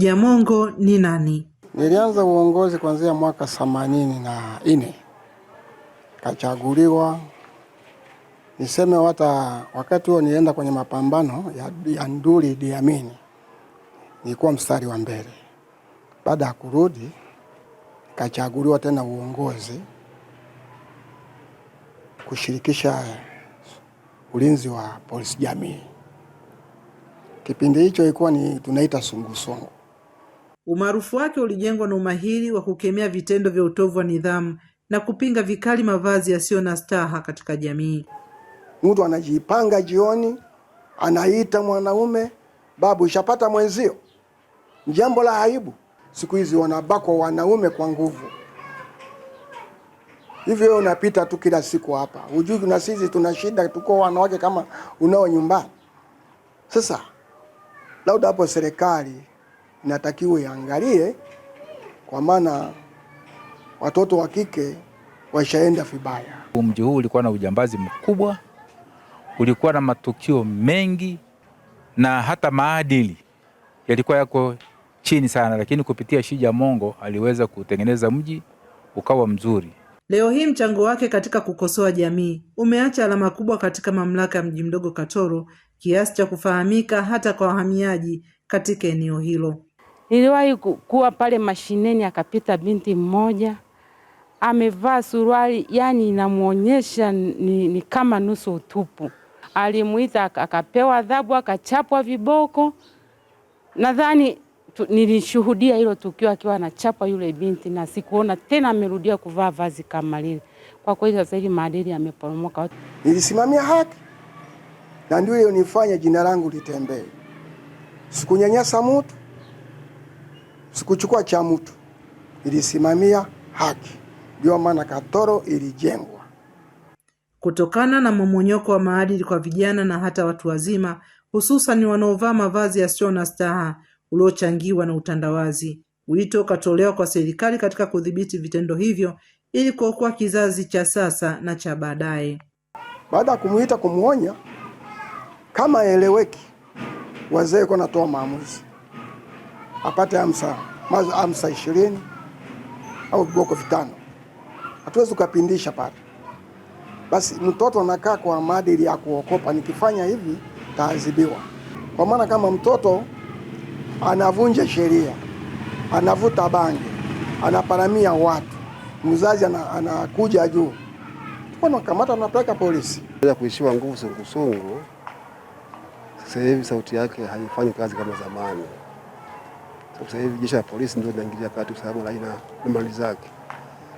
Kijamongo ni nani? Nilianza uongozi kuanzia mwaka themanini na nne kachaguliwa. Niseme hata wakati huo nienda kwenye mapambano ya, ya Nduli Diamini nilikuwa mstari wa mbele. Baada ya kurudi kachaguliwa tena uongozi kushirikisha ulinzi wa polisi jamii. Kipindi hicho ilikuwa ni tunaita sungusungu. Umaarufu wake ulijengwa na umahiri wa kukemea vitendo vya utovu wa nidhamu na kupinga vikali mavazi yasiyo na staha katika jamii. Mtu anajipanga jioni, anaita mwanaume babu, ushapata mwenzio? Jambo la aibu. Siku hizi wanabakwa wanaume kwa nguvu. Hivyo wewe unapita tu kila siku hapa, hujui na sisi tuna shida, tuko wanawake kama unao nyumbani. Sasa labda hapo serikali inatakiwa iangalie, kwa maana watoto wa kike washaenda vibaya. Mji huu ulikuwa na ujambazi mkubwa, ulikuwa na matukio mengi, na hata maadili yalikuwa yako chini sana, lakini kupitia Shija Mongo aliweza kutengeneza mji ukawa mzuri. Leo hii mchango wake katika kukosoa jamii umeacha alama kubwa katika mamlaka ya mji mdogo Katoro, kiasi cha kufahamika hata kwa wahamiaji katika eneo hilo. Niliwahi kuwa pale mashineni, akapita binti mmoja amevaa suruali, yani inamwonyesha ni, ni kama nusu utupu. Alimuita akapewa adhabu, akachapwa viboko. Nadhani nilishuhudia hilo tukio, akiwa anachapwa yule binti, na sikuona tena amerudia kuvaa vazi kama lile. Kwa kweli sasa hivi maadili yameporomoka. Nilisimamia haki na ndio iliyonifanya jina langu litembee. Sikunyanyasa mtu sikuchukua cha mtu, ilisimamia haki. Ndio maana Katoro ilijengwa. Kutokana na mmomonyoko wa maadili kwa vijana na hata watu wazima, hususan wanaovaa mavazi yasiyo na staha uliochangiwa na utandawazi, wito ukatolewa kwa serikali katika kudhibiti vitendo hivyo ili kuokoa kizazi cha sasa na cha baadaye. Baada ya kumuita kumuonya, kama eleweki, wazee kwa natoa maamuzi apate hamsara mazo amsa ishirini au viboko vitano, hatuwezi ukapindisha pale. Basi mtoto anakaa kwa maadili ya kuokopa, nikifanya hivi taadhibiwa. Kwa maana kama mtoto anavunja sheria, anavuta bangi, anaparamia watu, mzazi anakuja juu, tunakamata tunapeleka polisi. Kuishiwa nguvu sungusungu, sasa hivi sauti yake haifanyi kazi kama zamani. Sasa hivi jeshi la polisi ndio linaingilia kati kwa sababu haina mali zake.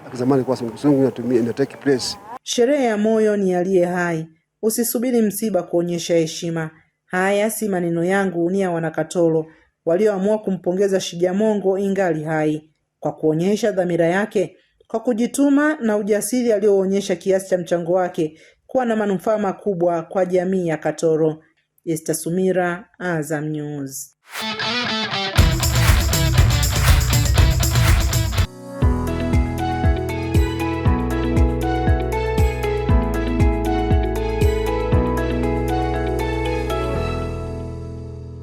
Lakini zamani kwa sungusungu inatumia ina take place. Sherehe ya moyo ni aliye hai. Usisubiri msiba kuonyesha heshima. Haya si maneno yangu, ni ya Wanakatolo walioamua kumpongeza Shijamongo ingali hai kwa kuonyesha dhamira yake, kwa kujituma na ujasiri alioonyesha kiasi cha mchango wake kuwa na manufaa makubwa kwa jamii ya Katoro. Esther Sumira, Azam News.